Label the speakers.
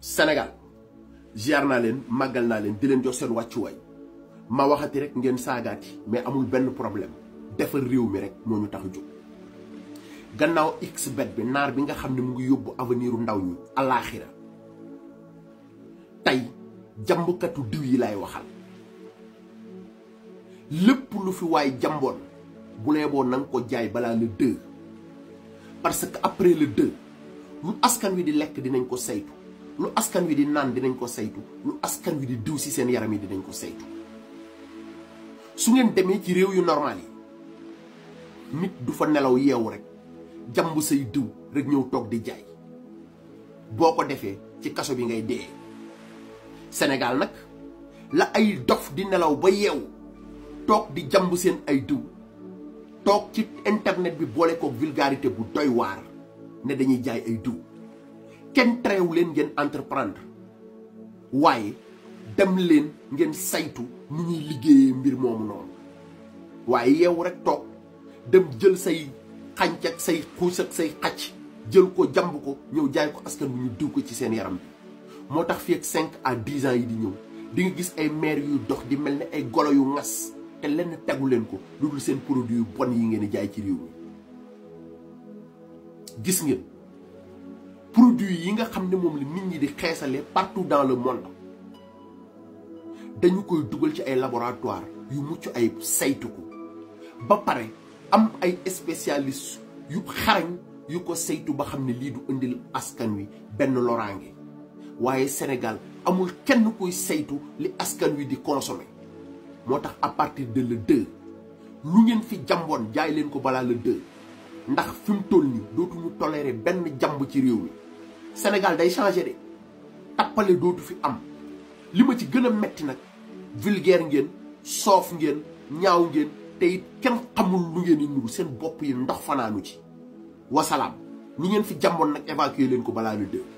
Speaker 1: senegal ziar naa leen màggal naa leen di leen jox seen wàccuwaay ma waxati rek ngeen saagaati mais amul benn problème defar réew mi rek moo ñu tax a jóg. gannaaw x bet bi naar bi nga xam ne mu ngi yóbbu avenir u ndaw ñu alaaxira tey jàmbkatu diw yi laay waxal lépp lu fi waay jàmboon bu leeboo na nga ko jaay balaa le deux parce que après le deux lu askan wi di lekk dinañ ko saytu. lu askan wi di nan dinañ ko saytu lu askan wi di diw si seen yaram yi dinañ ko saytu su ngeen demé ci rew yu normal yi nit du fa nelaw yew rek jambu sey diw rek ñew tok di jaay boko defé ci kaso bi ngay dé Sénégal nak la ay dof di nelaw ba yew tok di jambu seen ay diw tok ci internet bi bolé ko vulgarité bu doy war, né dañuy jaay ay diw kenn terewu leen ngeen entreprendre waaye dem leen ngeen saytu nu ñuy liggéeyee mbir moomu noonu waaye yeewu rek toog dem jël say xànc ak say xuus ak say xacc jël ko jàmb ko ñëw jaay ko askan bu ñu diw ko ci seen yaram bi moo tax fii ak cinq à dix yi di ñëw di gis ay maire yu dox di mel ni ay golo yu ŋas te lenn tegu leen ko lu dul seen produit yu bon yi ngeen di jaay ci réew mi gis ngeen produit yi nga xam ne moom la nit ñi di xeesale partout dans le monde dañu koy dugal ci ay laboratoire yu mucc ay saytu ko ba pare am ay spécialiste yu xarañ yu ko saytu ba xam ne lii du indi indil askan wi benn loraange waaye Sénégal amul kenn kuy saytu li askan wi di consommer moo tax à partir de le deux lu ngeen fi jamboon jaay leen ko balaa le deux ndax fi mu toll nii dootuñu tolérer benn jàmb ci réew mi Sénégal day changé de tappale dootu fi am li ma ci gën a metti nag vulgaire ngeen soof ngeen ñaaw ngeen te kenn xamul lu ngeen di nuru seen bopp yi ndox fanaanu ci wasalaam ñi ngeen fi jàmboon nag évacuer leen ko balaa le deux